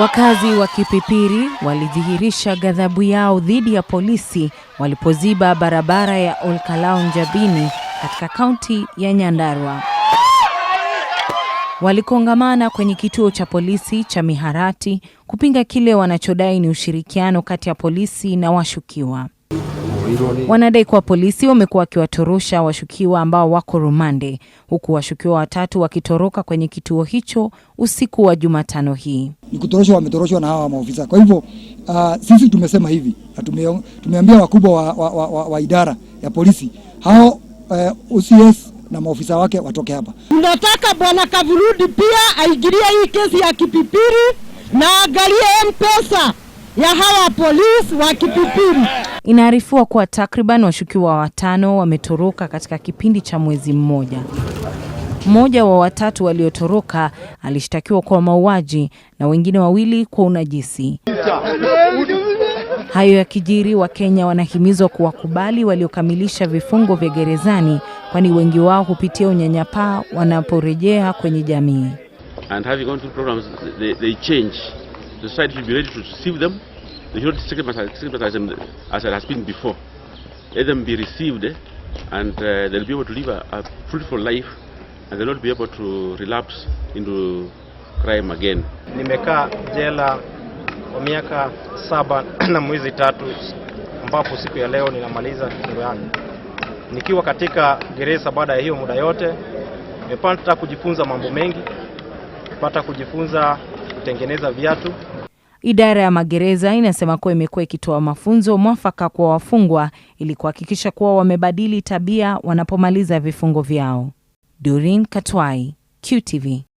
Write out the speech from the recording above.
Wakazi wa Kipipiri walidhihirisha ghadhabu yao dhidi ya polisi walipoziba barabara ya olkalau Njabini katika kaunti ya Nyandarua. Walikongamana kwenye kituo cha polisi cha Miharati kupinga kile wanachodai ni ushirikiano kati ya polisi na washukiwa. Wanadai kuwa polisi wamekuwa wakiwatorosha washukiwa ambao wako rumande, huku washukiwa watatu wakitoroka kwenye kituo hicho usiku wa Jumatano hii. Ni kutoroshwa, wametoroshwa na hawa maofisa. Kwa hivyo uh, sisi tumesema hivi na tume, tumeambia wakubwa wa, wa, wa, wa, wa idara ya polisi hao uh, na maofisa wake watoke hapa. Tunataka bwana Kavurudi pia aingilie hii kesi ya Kipipiri na angalie mpesa ya hawa polisi wa Kipipiri. Inaarifiwa kuwa takriban washukiwa watano wametoroka katika kipindi cha mwezi mmoja. Mmoja wa watatu waliotoroka alishtakiwa kwa mauaji na wengine wawili kwa unajisi. Hayo ya kijiri, Wakenya wanahimizwa kuwakubali waliokamilisha vifungo vya gerezani, kwani wengi wao hupitia unyanyapaa wanaporejea kwenye jamii. And The society should be ready to receive them. They should not stigmatize them as it has been before. Let them be received and uh, they'll be able to live a, a fruitful life and they'll not be able to relapse into crime again. Nimekaa jela kwa miaka saba na mwezi tatu ambapo siku ya leo ninamaliza kifungo yangu nikiwa katika gereza. Baada ya hiyo muda yote nimepata kujifunza mambo mengi, nimepata kujifunza kutengeneza viatu. Idara ya magereza inasema kuwa imekuwa ikitoa mafunzo mwafaka kwa wafungwa ili kuhakikisha kuwa wamebadili tabia wanapomaliza vifungo vyao. durin Katwai, QTV.